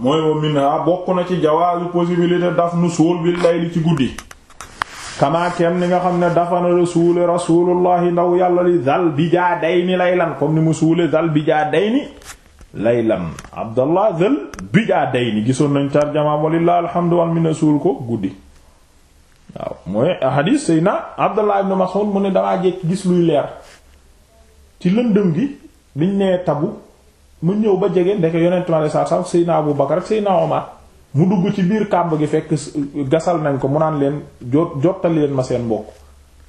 mooy wa minha bokk na ci jawaazu possibilité daf nu suul bi layli ci guddi kamaakeem ni nga xam ne dafa na la rasuulullahi ndaw yàlla li zal bijaadayni laylan comme ni mu suule zal bijaadayni laylan abdallah zal bijaadayni gisoon nañ tarjamaam walillahi alhamdu wal minna suul ko guddi waaw mooy ahadis sayna abdallah ibn mas'ud mu ne damaa jekk gis luy leer ci lëndëm gi biñ nee tabu mu ñëw ba jege ndeke yonent mi alayhi salaam Seydina Abu Bakar ak Omar mu dugg ci biir kàmb gi fekk gasal nañ ko mu naan leen jot jottali leen ma seen mbokk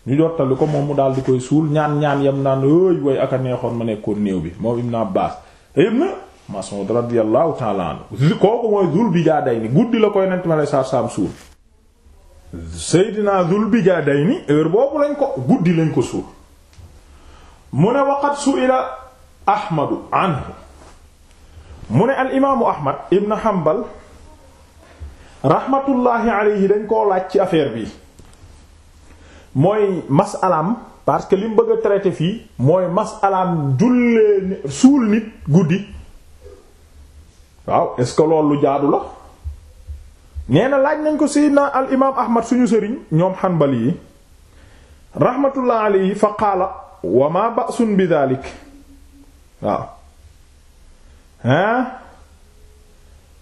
ñu jottali ko moom mu daal di koy suul ñaan ñaan yam naan hëy way aka neexoon ma nekkoon néew bi moom Ibn Abbas ibn Mas'ud radiyallahu ta'ala anhu kooku mooy Zul Bijaadayni guddi la ko yonent mi alayhi salaam suul Seydina Zul Bijaadayni heure boobu lañ ko guddi lañ ko suul mu mu ne al imaamu ahmad ibn hanbal rahmatullahi alayhi dañ koo laaj ci affaire bi mooy masalaam parce que li bëgg a fii mooy masalaam jullee suul nit guddi waaw est-ce que loolu jaadu la nee na laaj nañ ko sayyidina al imaam ahmad suñu sëriñ ñoom hanbali yi rahmatullahi alayhi fa qaala wa ma ba'sun bi dhalik waaw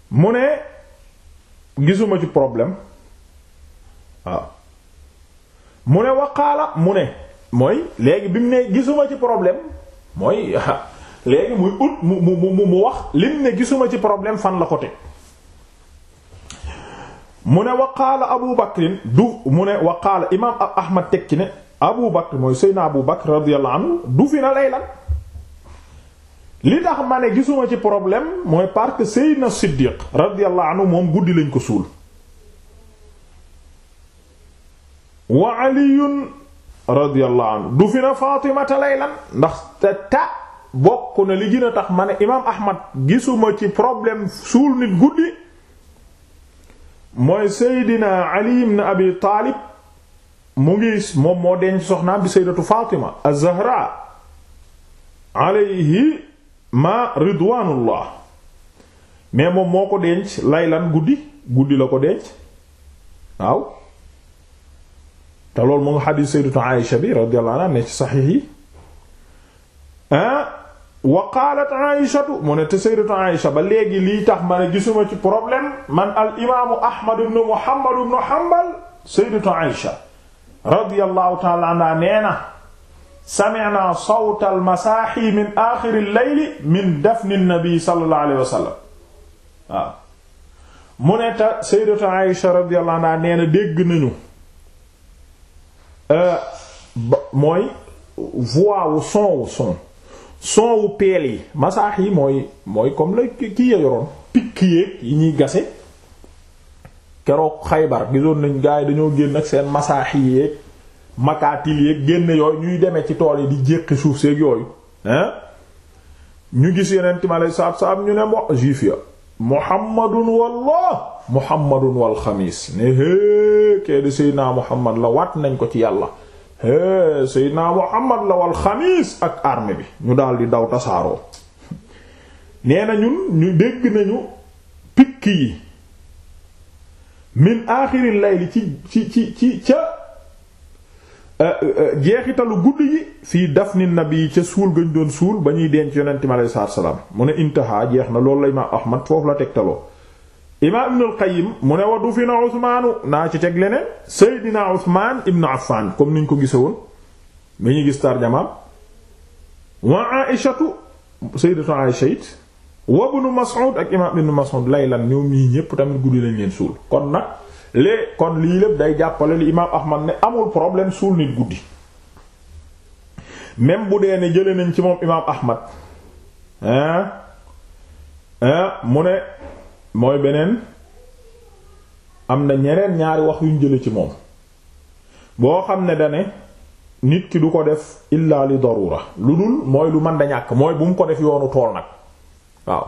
mu ne gisuma ci problème waaw ah. mu ne waqaala mu ne mooy léegi bi mu ne gisuma ci problème mooy léegi muy ut mu mu mu mu wax lim ne gisuma ci problème fan la ko teg mu ne waqaala abu bakrin du mu ne waqaala imaam ahmad teg ci ne abu bakr mooy seyna abu bakr radiyallahu anhu du fi na laylan li tax ma ne gisuma ci problème mooy parce que Seydina Siddiq radiyallahu moom guddi lañ ko suul wa aliyun radiyallahu anhu du fi na Faatimata laylan ndax te ta bokk na li gën a tax ma ne imaam Ahmad gisuma ci problème suul nit guddi mooy Seydina Ali ibn Abi Taalib mu ngi moom moo denc soxnaam bi Sayyidatu Faatima az-Zahra alayhi ma ridwaanullah mais moom moo ko denc laylan guddi guddi la ko denc waaw te loolu mu nga xadiis sayyidatu Aïsha bi radiyallahu anha ne ci saxiix yi ah, wa qaalat aïshatu mu ne te sayyidatu aïsha ba léegi lii tax ma ne gisuma ci problème man al imaamu ahmad ibn muhammad ibn hanbal sayyidatu aïsha radiyallahu ta'ala anha nee na sami'na sawta almasaaxi min aaxiri leyli min dafni nabi sallallahu alayhi waaw mu ne ta sayyidatu Aïsha radiyallahu anha nee na dégg nañu euh, mooy voix wu son wu son son wu peel yi masaax yi mooy mooy comme la ki yoroon pikk yéeg yi ñuy gase keroog Xaybar gisoon nañ gaa dañoo génn ak seen masaax yéeg makaatil yeeg génn yooyu ñuy demee ci tool yi di jéqi suuf seeg yooyu hein ñu gis yeneen time alay saab saab ñu ne mo juif ya muhammadun wallah muhammadun wal xamiis ne hée kee di seydinaa muhammad la waat nañ ko ci yàlla hée seydinaa muhammad la wal xamiis ak armée bi ñu daal di daw tasaaroo nee na ñun ñu dégg nañu pikk yi min aaxiril layli ci ci ci ca Euh, euh, euh, jeexitalu guddi yi fii dafni nabi ca suul gañ doon suul ba ñuy denc yonent mi mu ne intaha jeex na loolu la imaam ahmad foofu la tegtaloo imaam ibn al-qayyim mu ne wa dufina usmaanu naa ci teg leneen seydina usmaan ibn affan comme niñ ko gise woon mi ñu gis tarjamaam wa aishatu sayyidatu aisha it wa ibn mas'ud ak imaam ibn mas'ud laylan ñoom ñii ñépp tamit guddi lañ leen suul kon nag lée kon lii lépp day jàppale li imaam ahmad ne amul problème suul nit guddi même bu dee ne jële nañ ci moom imaam ahmad hein hein mu ne mooy beneen am na ñeneen ñaari wax yuñ jële ci moom boo xam ne dane nit ki du ko def illa li darura lu dul mooy lu mën ñàkk mooy bu mu ko def yoonu tool nag waaw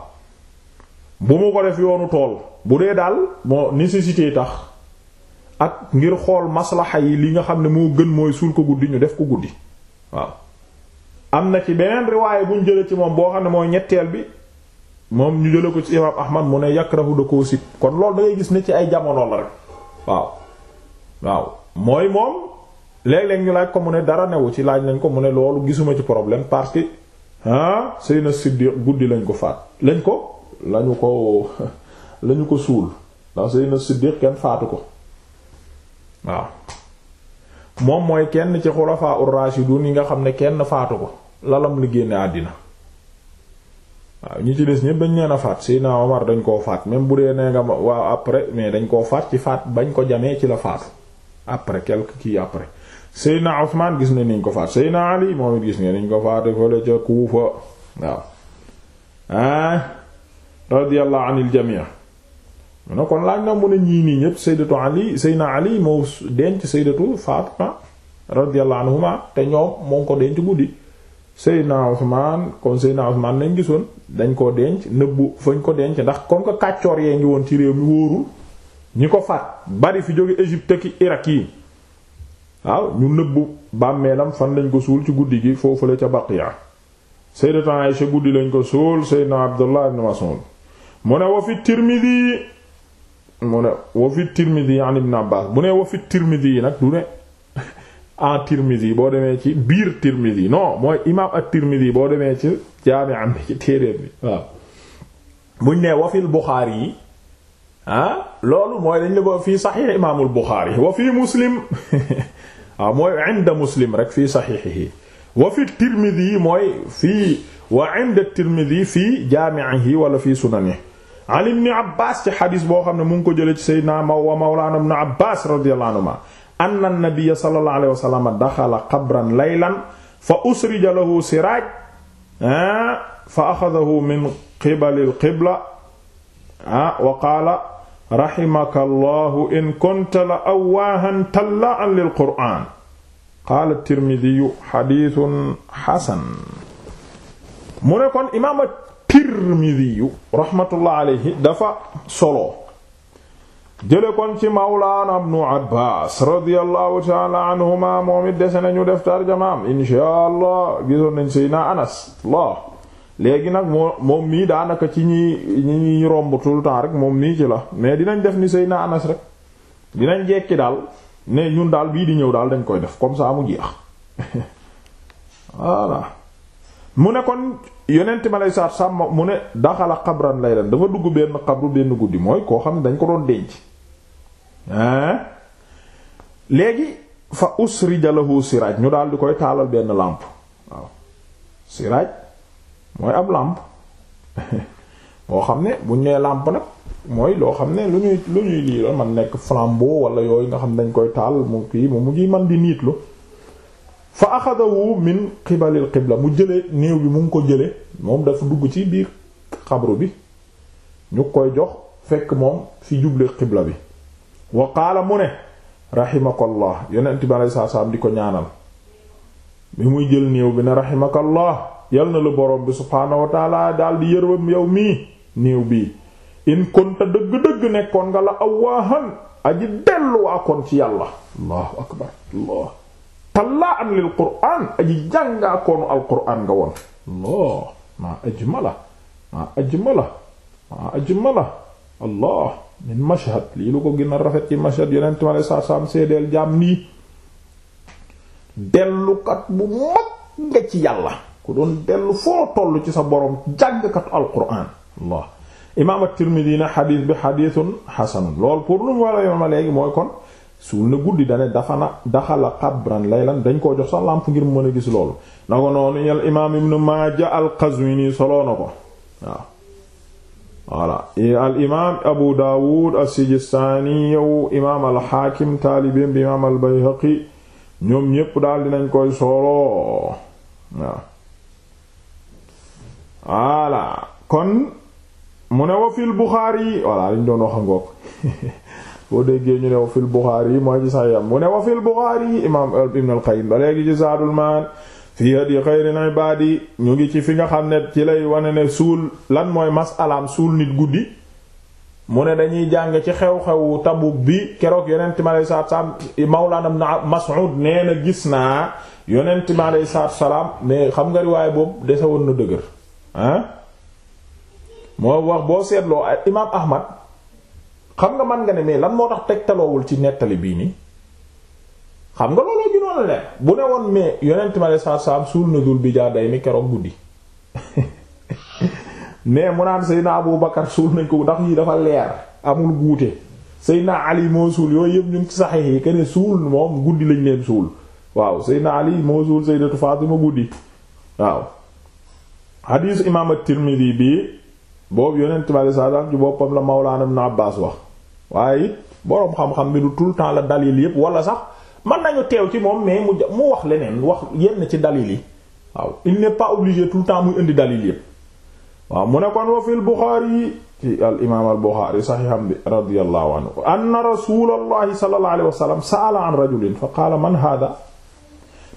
bu mu ko def yoonu tool bu dee daal moo nécessité tax ak ngir xool maslaxa yi li nga xam ne moo gën mooy suul ko guddi ñu def ko guddi waaw am na ci beneen riwaaye bu ñu jële ci moom boo xam ne mooy ñetteel bi moom ñu jële ko ci imaam ahmad mu ne yakrahu da koo sib kon loolu da gis ne ci ay jamono la rek waaw waaw mooy moom léeg-léeg ñu laaj ko mu ne dara newu ci laaj lañ ko mu ne loolu gisuma ci problème parce que ah Seydina Siddiq guddi lañ ko faat lañ ko lañu ko lañu ko suul ndax Seydina Siddiq ko waaw moom mooy kenn ci xulafaa ur-rashidun yi nga xam ne kenn faatu ko lalam li génne àddina waaw ñi ci des ñépp dañ leen a faat Seydina Omar dañ koo faat même bu dee nee nga waaw après mais dañ koo faat ci faat bañ ko jamee ci la faatu après quelque kii après Seydina Ousmane gis ne niñ ko faat Seydina Ali moom it gis ne niñ ko faate fële ca Kuufa waaw ah radiyallahu anil jami' mu ne kon laaj na mu ne ñii nii ñëpp sayyidatu ali sayyidina ali moo denc sayyidatu fatima radiyallahu anhuma te ñoom moo ngi ko denc guddi sayyidina usman kon sayyidina usman nañ gisoon dañ ko denc nëbbu fañ ko denc ndax comme que kàccoor yee ngi woon ci réew mi wóorul ñi ko faat bari fi jóge Égypte ki Irak yi waaw ñu nëbbu bàmmeelam fan lañ ko suul ci guddi gi foofu la ca Baqiya sayyidatu Aisha guddi lañ ko suul sayyidina Abdullah ibn Mas'ud mu ne wa mu ne wa fi tirmidi an ibn abbas bu ne wa fi yi nag du ne boo demee ci biir tirmidi non mooy imam ak tirmidi boo demee ci jaami am ci téeréer bi waaw buñ ne yi ah, loolu mooy dañ la ko fii saxiix imaamul buxaari wa fii muslim waaw mooy inda muslim rek fii saxiixihi wa fi yi mooy fii wa inda tirmidi fii jaamihi wala fii sunanihi an ibni abbas ci xadis boo xam ne mu ngi ko jële ci sayyidina wa mawlana ibn abbas radiyallahu anhuma anna nabiyya sallallahu alayhi wa sallam daxala qabran laylan fa usrija lahu siraaj fa axadahu min qibali al-qibla wa qaala rahimaka allahu in kunta la awwaahan tallaan lil qur'aan qaala tirmidiyu xadiisun xasan mu ne kon imaam Tirmidiyu rahmatullah alayhi dafa solo jële kon ci mawlaana ibnu Abbaas radiyallahu ta'ala anhuma moom it dese nañu def tarjamaam inshaa allah gisoon nañ Seydina Anas la léegi nag moo moom mii daanaka ci ñi ñi romb tout le temps rek moom mii ci la mais dinañ def ni Seydina Anas rek dinañ jekki daal ne ñun daal bii di ñëw daal dañ koy def comme ça mu jeex voilà mu ne kon yonent ma lay saat sàmm mu ne daxala xabran lay lan dafa dugg benn xabru benn guddi mooy koo xam ne dañ ko doon denc léegi fa usrija lahu siraaj ñu daal di koy taalal benn làmp waaw siraaj mooy ab làmp boo xam ne buñ nee làmp nag mooy loo xam ne lu ñuy lu ñuy lii la man nekk flambeau wala yooyu nga xam ne dañ koy taal mu kii mu ngi man di niitlu fa axadahu min qibalil qibla mu jële néew bi mu ngi ko jële moom dafa dugg ci biir xabru bi ñu koy jox fekk moom fi juble qibla bi wa qaala mu ne raximakallah yonent bi alayhi salaam di ko ñaanal bi muy jël néew bi ne raximakallah yal na la borom bi subhaanahu wa taala daal yow mii néew bii in kunta dëgg-dëgg nekkoon nga la awwaahan aji delluwaa kon ci yàlla tallaa an lil qur'aan aji jàngaa koonu al qur'aan nga woon allah maa ajmala maa ajmala allah min mashhad lii lu ko gën rafet ci mashhad yonent ma lay saa saam seedeel jaam nii dellukat bu mag nga ci yàlla ku doon dellu foo toll ci sa borom jàngkatu al qur'aan allah imaam at mooy kon suul na guddi dane dafa na daxala xabran laylan dañ koo jox sax làmp ngir mën a gis loolu na ko noonu al imaam ibnu maaja al qazwini soloo na ko waaw voilà al imaam abu daawud as-sijistaani yow imaam al xaakim taalibeem bi imaam al bayhaqi ñoom ñépp daal dinañ koy soloo waaw voilà kon mu ne wa fil buxaari voilà doon wax a boo déggee ñu ne wa fil Buxaari yi mooy ci saxam mu ne wa fil Buxaari yi imaam Ibn al-Qayyim ba léegi ci Zaadul Ma'aad fii hadi xayril ibaadi ñu ngi ci fi nga xam ne ci lay wane ne suul lan mooy masalaam suul nit guddi mu ne dañuy jàng ci xew-xewu Tabuk bi keroog yonent mi alayhi salaatu salaam Mawlaana Mas'ud nee gis naa yonent mi alayhi salaatu salaam mais xam nga riwaay boobu dese woon na dëgër ah moo wax boo seetloo imaam Ahmad. xam nga man nga ne mais lan moo tax teg tegtaloowul ci nettali bii nii xam nga looloo gënoon leer bu ne woon mais yonent ma saa saam suul na dul bi jaa day mi keroog guddi mais mu naan Seydina Abu Bakar suul nañ ko ndax yi dafa leer amul guute Seydina Ali moo suul yooyu yëpp ñu ngi ci saxex yi kene suul moom guddi lañ leen suul waaw Seydina Ali moo suul Sayyidatu Fatima guddi waaw hadis imaam at-Tirmidhi bi boobu yonent ma saa ci boppam la Mawlaana Ibn Abbaas wax waaye it boroom xam-xam bi du tout le temps la dalil yépp wala sax mën nañu teew ci moom mais mu mu wax leneen wax yenn ci dalil yi waaw il n'est pas obligé tout temps muy indi dalil yépp waaw mu ne kon wa fil Buxaari ci al imaam al Buxaari saxiixam bi radiyallahu anhu anna rasuulallahi sallallahu alayhi wa sallam sa'ala an rajulin fa qaala man haadaa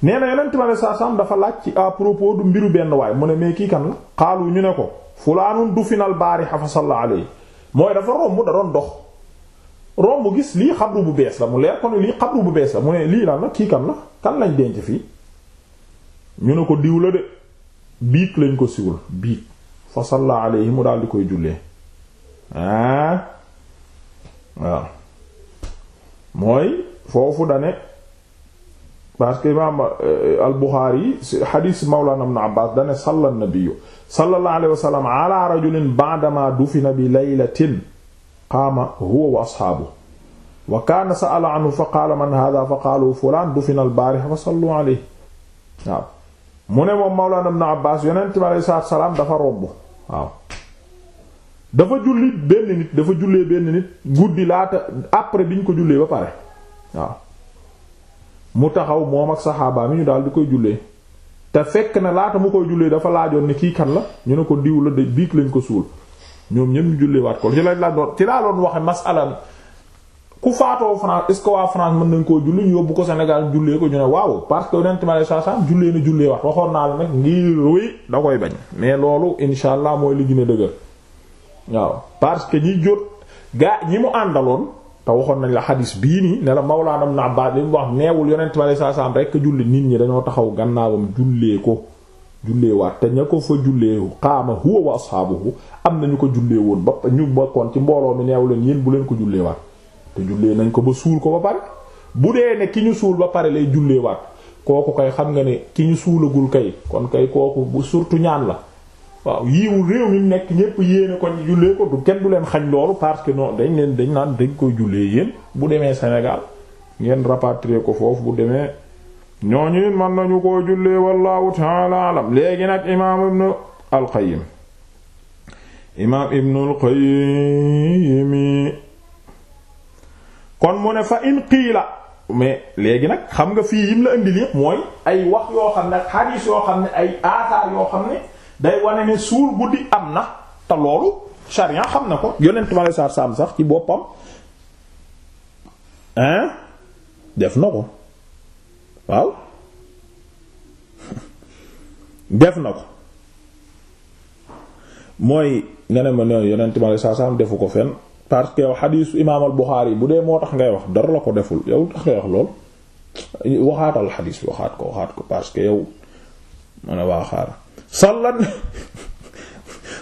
nee na yonent ma sax saa saam dafa laaj ci à propos du mbiru benn waay mu ne mais kii kan la xaalu ñu ne ko fulaanun dufinal baariha fa salla alayhi mooy dafa romb da doon dox romb gis lii xabru bu bees la mu leer ko ne lii xabru bu bees la mu ne lii lan la kii kan la kan lañ denc fii ñu ne ko diw la de biig lañ ko siwul biig fa salla alayhi mu daal di koy jullee ah waaw mooy foofu dane parce euh, si xadiis mawlana ibn Abbaas dane salla an-nabiyyu sallallahu rajulin ba'dama dufina bi laylatin qaama huwa wa asxaabu wa kaana sa'ala anhu fa qaala man hada fa qaalu fulaan dufina al-baariha fa sallu waaw mu ne moom mawlana ibn abbas yonent bi alayhi salaatu salaam dafa robb waaw dafa julli benn nit dafa jullee benn nit guddi laata après bi ñu ko jullee ba pare waaw mu taxaw moom ak saxaabaa mi ñu daal di koy jullee te fekk na laata mu koy jullee dafa laajoon ne kii kan la ñu ne ko diw la de biig lañ ko suul ñoom ñëpp ñu julliwaat ko ci lañ la doon ci laa doon waxe masala ku faatoo France est-ce France mën nañ koo julli ñu yóbbu ko Sénégal jullee ko ñu ne waaw parce que yonent ma lay sasam jullee na jullee wax waxoon naa la nag ngir mais loolu insha allah mooy li gën a waaw parce que ñi jot gaa ñi mu àndaloon te waxoon nañ la xadis bii nii ne la Mawlaana naa Abbaas li mu wax neewul yonent ma lay sasam rek julli nit ñi dañoo taxaw gannaawam jullee ko julleewaat te ña ko fa jullee xaama huwa wa ashaabuhu am na ñu ko jullee woon ba ñu bokkoon ci mbooloo mi neew leen yéen bu leen ko julleewaat te jullee nañ ko ba suul ko ba pare bu dee ne ki ñu suul ba pare lay julleewaat kooku kay xam nga ne ki ñu suulagul kay kon kay kooku bu surtout ñaan la waaw yiiw réew mi nekk ñépp yéene ko ñu jullee ko du kenn du leen xañ loolu parce que noo dañ leen dañ naan dañ koy jullee yéen bu demee Sénégal ngeen rapatrier ko foofu bu demee ñooñu it mën nañu koo jullee wallahu taala léegi nag imaam ibnu alqayim imaam ibnu alqayim kon mu ne fa in qiila mais léegi nag xam nga fii yim la indil yépp mooy ay wax yoo xam ne xadiis yoo xam ne ay aasaar yoo xam ne day wane ne suur guddi am na te loolu sharia xam na ko yonent ma lay saar saam sax ci boppam hein def na ko waaw def na ko mooy nga ne ma ne yonent ma saa saa defu ko fenn parce que yow xadiisu imaamal Buxaari bu dee moo tax ngay wax dara la ko deful yow tax ngay wax lool waxaatal xadiis waxaat ko waxaat ko parce que yow ma ne waa xaar sallan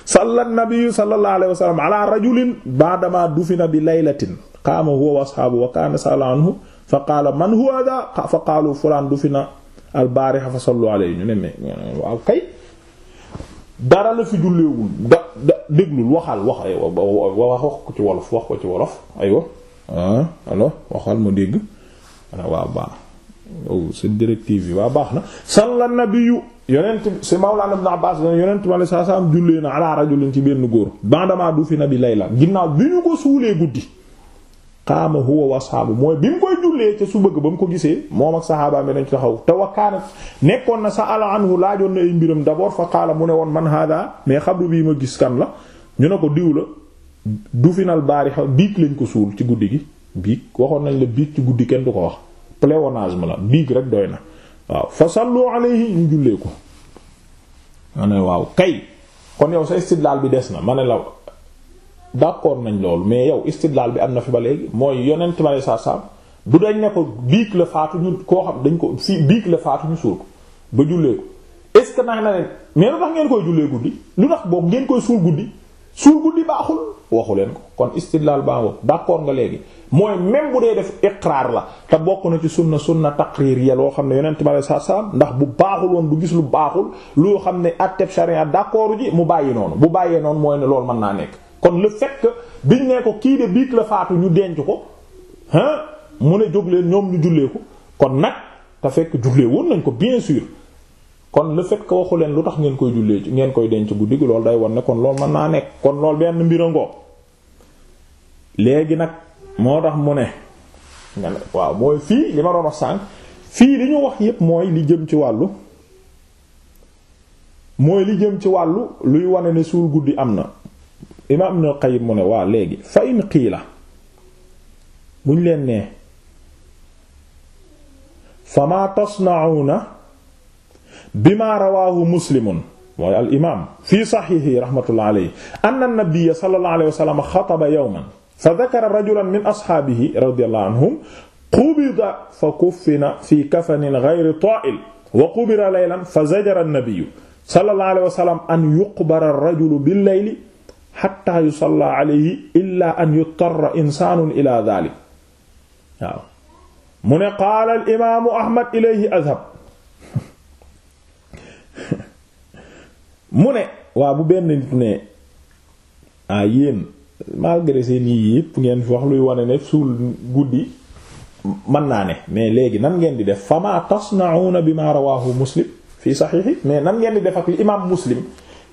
salla nabiyu sallallahu alayhi rajulin baadama dufina bi laylatin qaama huwa wa ashaabu wa kaana sa'ala fa qaala man huwa hada fa qaalu fulaan du fi na al baariha fa sallu alayhi ñu ne mais waaw ah, baax na seen directive yi waa baax na salla nabiyu yonent si mawlana ibn abbas yonent bi alei saa jullee na ala rajulin ci benn góor bandama du fi na bi layla ginnaaw bi ñu ko suulee guddi qaama huwa wasaabu mooy bi mu koy jullee ca su bëgg ba ko gisee moom ak saxaabaam bi dañ taxaw te nekkoon na sa ala anhu laajoon na ay mbiram d'abord fa mu ne woon man hada mais xabru bii ma gis kan la ñu ne diw la du baari xaw biig lañ ko suul ci guddi gi biig waxoon nañ la biig ci guddi kenn du ko wax pléonasme la biig rek doy na waaw fa sallu alayhi ñu jullee ko ma ne waaw kay kon yow sa istidlaal bi des na ma ne la d'accord nañ loolu mais yow istidlaal bi am na fi ba léegi mooy yonent ma ne saa saam du dañ ne ko biig la faatu ñu koo xam dañ ko si biig la faatu ñu suul ba jullee ko est-ce que nag na leen mais lu tax ngeen koy jullee guddi lu tax boobu ngeen koy suul guddi suul guddi baaxul waxu leen ko kon istidlal baaxul d'accord nga léegi mooy même bu dee def iqraar la te bokk na ci sunna sunna taqririya loo xam ne yonent ma lay sa saa ndax bu baaxul woon du gis lu baaxul loo xam ne atteb sharia d'accord ji mu bàyyi noonu bu bàyyee noonu mooy ne loolu mën naa nekk kon le fait biñ ne ko kii de biig la faatu ñu denc ko mu ne jóg leen ñoom ñu jullee ko kon nag te fekk jullee woon nañ ko bien sûr kon le fait waxu leen lu tax ngeen koy jullee ngeen koy denc guddi gi loolu day wan ne kon loolu mën naa nekk kon lool benn mbir ngoo léegi nag moo tax mu ne waaw fii li ma doon wax yépp mooy li jëm ci wàllu mooy li jëm ci wàllu luy wane ne suul guddi am na imaam Ibn Qayyim mu ne waa léegi fa in la buñ leen nee fama tasna'una bima rawaahu muslimun mooy al imaam fi saxiixi rahmatullah alayhi anna nabiyya sallallahu alayhi wa sallam xataba yawman fa dakara rajulan min asxaabihi radiyallahu anhum qubida fa kuffina fi kafanin ghayri taa'il wa qubira laylan fa zajara nabiyyu sallallahu alayhi wa sallam an yuqbara rajulu bil layli hatta yusalla alayhi illa an yutarra insaanun ila dhaalika waaw mu ne qaala al imaamu ahmad ilayhi azhab mu ne waa bu benn nit ne ah yéen malgré seen yii yëpp ngeen fi wax luy wane ne suul guddi mën naa ne mais léegi nan ngeen di def fama bi bima rawahu muslim fii saxiixi mais nan ngeen di def ak li imaam muslim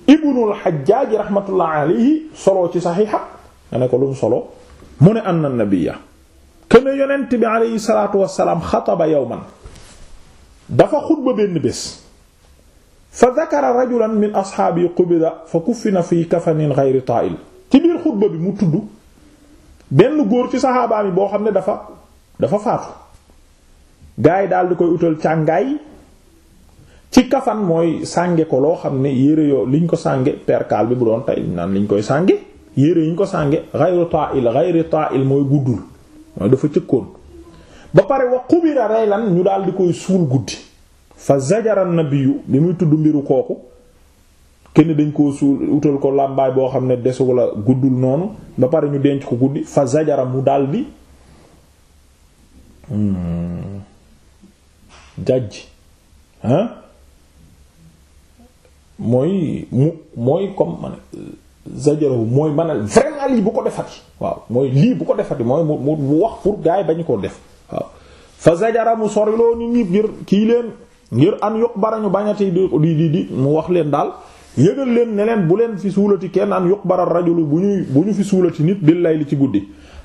ibnul xajjaaj rahmatullah alayhi solo ci saxiixa nga ne ko lu mu solo mu ne ana nabiyya këne yonent bi aleyhi salaatu wassalaam xataba yawman dafa xutba benn bés fa dakara rajulan min asxaabi qubida fa kuffina fi kafanin ghayri ta'il ci biir xutba bi mu tudd benn góor ci saxaabaam yi boo xam ne dafa dafa faatu gaa yi daal di koy utal càngaay ci kafan mooy sànge ko loo xam ne yére yoo liñ ko sànge perkaal bi bu doon tey naan liñ koy sànge yére yiñ ko sànge ghayri ta'il ghayri ta'il mooy guddul waaw dafa cëkkoon ba pare wa qubira raylan ñu daal di koy suul guddi fa zajara nabiyu bi muy tudd mbiru kooku kenn dañ koo suul utal ko làmbaay boo xam ne desu wala guddul noonu ba pare ñu denc ko guddi fa zajara mu daal di hmm, jajj hein mooy mu mooy comme man zajarahu mooy mën a vraiment bu ko defati waaw mooy lii bu ko defati mooy mu mu wax pour gars yi bañu ko def waaw fa zajara mu soriloo nit ñi ngir kii leen ngir an yuq barañu bañati di di di mu wax leen daal yëgal leen ne bu leen fi suulati kenn an yuq bara rajulu bu ñuy bu ñu fi suulati nit bil li ci guddi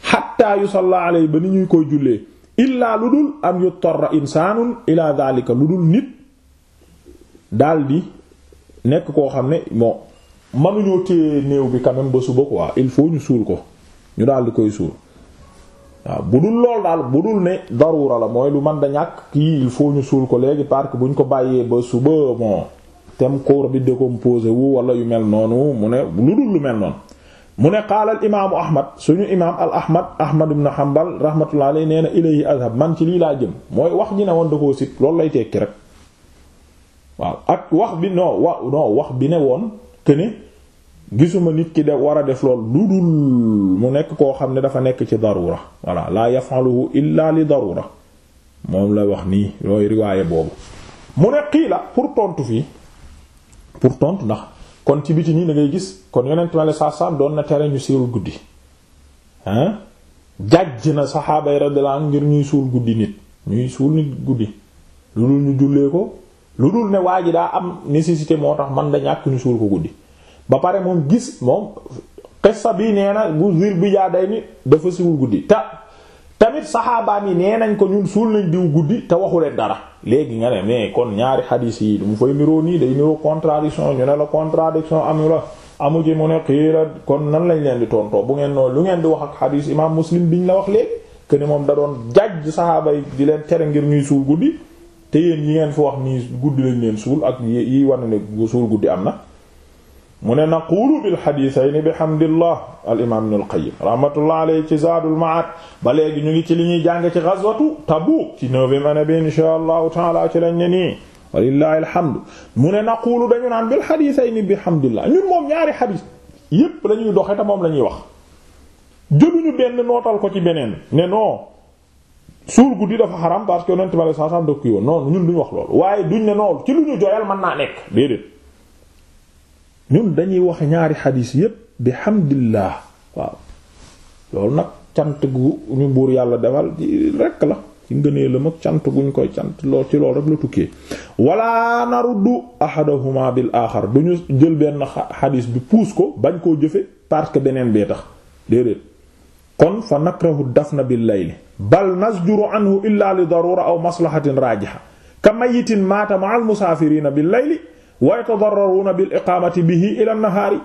xatta yusalla alayhi ba ni ñuy koy jullee illaa lu dul an yutarra insaanun ila daalika lu dul nit daldi nekk koo xam ne bon manuñoo téye néew bi quand même ba suba quoi il faut ñu suul ko ñu daal di koy suul waaw bu dul lool daal bu dul ne darura la mooy lu man da ñàkk kii il faut ñu suul ko léegi parce que bu ñu ko bàyyee ba suba bon thème corps bi décomposé wu wala yu mel noonu mu ne lu dul lu mel noonu. mu ne xaalal al imaamu ahmad suñu imaam al ahmad ahmad ibn hanbal rahmatullah alayhi nee na ilayhi azhab man ci lii laa jëm mooy wax ji ne woon da koo sit loolu lay tekki rek waaw ak wax bi non wax bi woon. këne gisuma nit ki de war a def lool lu dul mu nekk koo xam ne dafa nekk ci darura walla laa yafaluhu illa li darura moom la wax nii looy riwaaye boobu mu ne qiila pour tontu fii pour tontu ndax kon ci biti nii da gis kon yonent ma la saasaan doon na tere ñu siwul guddi hein jàjj na saxaaba yi ngir ñuy suul guddi nit ñuy suul nit guddi lu dul ñu jullee ko lu dul ne waa ji daa am nécessité moo tax man da ñàkk ñu suul ko guddi ba pare moom gis moom xissa bi nee na bu gir bi jaa day ni dafa suul guddi ta tamit saxaabaam yi nee nañ ko ñun suul nañ diw guddi te waxu leen dara léegi nga ne mais kon ñaari xadiis yi mu fay niroo nii day niroo contradiction ñu ne la contradiction amu la amu ci mu ne xiira kon nan lañ leen di tontoo bu ngeen noonu lu ngeen di wax ak xadiis imaam muslim ñu la wax léegi que ni moom da doon jàjj saxaaba yi leen tere ngir ñuy suul guddi te yéen yi ngeen fi wax nii guddi lañ leen suul ak yi wan ne suul guddi am na mu ne naquulu bil xadiisayni bi hamdillah al imaam ibnul qayyim rahmatullah alayhi ci zaadul ba léegi ñu ngi ci li jàng ci ghazwatu Tabuuk ci neuvième année bi inshaa allahu ci lañ ne nii walillahi alhamdu mu ne naquulu dañu naan bil xadiisayni bi hamdillah ñun moom ñaari xadiis yépp la ñuy moom la ñuy wax jëluñu benn nootal ko ci beneen ne non suur guddi dafa xaram parce que yonent bi sallallahu alayhi yoon noonu ñun duñ wax loolu waaye duñ ne noonu ci lu ñu joyal mën naa nekk déedéet ñun dañuy wax ñaari xadiis yépp bi hamdillah waaw loolu nag cant gu ñu buur yàlla defal rekk la ci ngëneelam ak cant guñ koy cant lool ci loolu rek la tukkee wala naruddu ahadahuma bil axar duñu jël benn xadiis bi puus ko bañ koo jëfe parce que beneen bee tax déedéet kon fa nakrahu dafna bil layli bal nasjuru anhu illa li darura aw maslahatin rajiha ka mayitin maata ma al musaafirina bil layli wa yatadarraruna bil iqamati bihi ila nahaari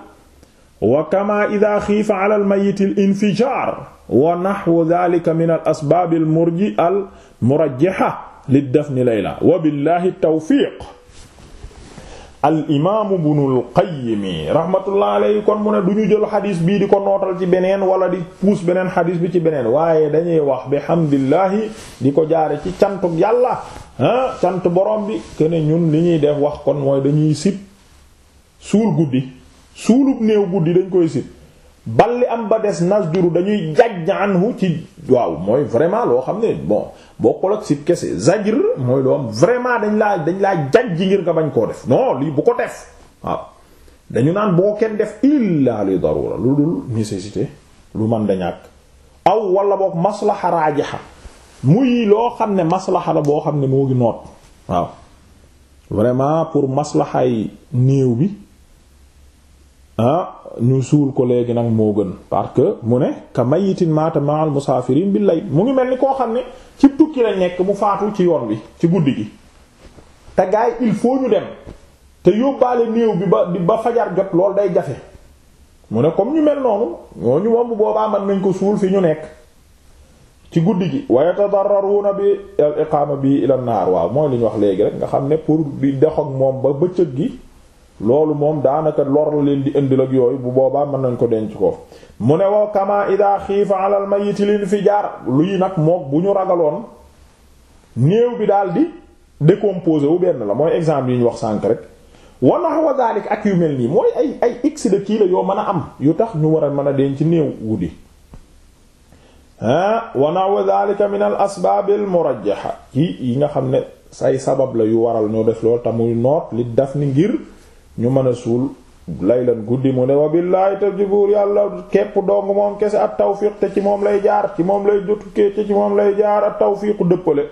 wa kama ida xiifa ala al mayiti al infijar wa nahwu dhalika min al asbaab al murji al murajjiha lid dafni layla wa billahi tawfiq al imaamu bunul qayyimi rahmatullah alayhi kon mu ne du ñu jël xadiis bii di ko nootal ci beneen wala di puus beneen xadis bi ci beneen waaye dañuy wax bi hamdillahi di ko jaare ci cantu yàlla ah cant borom bi que ne ñun li ñuy def wax kon mooy dañuy sib suul guddi suulub néew guddi dañ koy sib balli am ba des nasjuru dañuy jajj anhu ci waaw mooy vraiment loo xam ne bon bokkul ak si kese zajr mooy loo am vraiment dañ laa dañ laa ji ngir nga bañ koo def non lii bu ko def waaw dañu naan boo kenn def illaa li darura lu dul nécessité lu man da ñàkk aw wala boog maslaxa raajaxa muy loo xam ne maslaxa la boo xam ne moo ngi noot waaw vraiment pour maslaxaay néew bi ah ñu suul ko léegi nag moo gën parce que mu ne ka mayitin maata ma al musaafirin bi lay mu ngi mel ni koo xam ne ci tukki la nekk mu faatu ci yoon bi ci guddi gi te gaay il faut ñu dem te yóbbaale néew bi ba ba fajar jot lool day jafe mu ne comme ñu mel noonu ñooñu moom bu boobaa mën nañ ko suul fi ñu nekk ci guddi gi wa yatadarraruuna bi al iqaama bi ila naar waaw mooy li ñu wax léegi rek nga xam ne pour di dox moom ba bëccëg gi loolu moom daanaka lor la leen di indil ak yooyu bu boobaa mën nañ ko denc ko mu ne woo kama ida xiifa alal mayiti lin fi jaar luy nag mook bu ñu ragaloon néew bi daal di décomposé wu benn la mooy exemple yi ñu wax sànk rek wanax wa dalik ak yu mel nii mooy ay ay kii la yoo mën a am yu tax ñu war a mën a denc néew guddi ah wanax wa dalika min al asbaabil murajjaha yi yi nga xam ne say sabab la yu waral ñoo def loolu tamuy noot li daf ni ngir ñu mën a suul laylan guddi mu ne bi billaahi te ci buur yàlla képp dong moom kese ak tawfiq te ci moom lay jaar ci moom lay jotu kee ci moom lay jaar at tawfiqu dëppale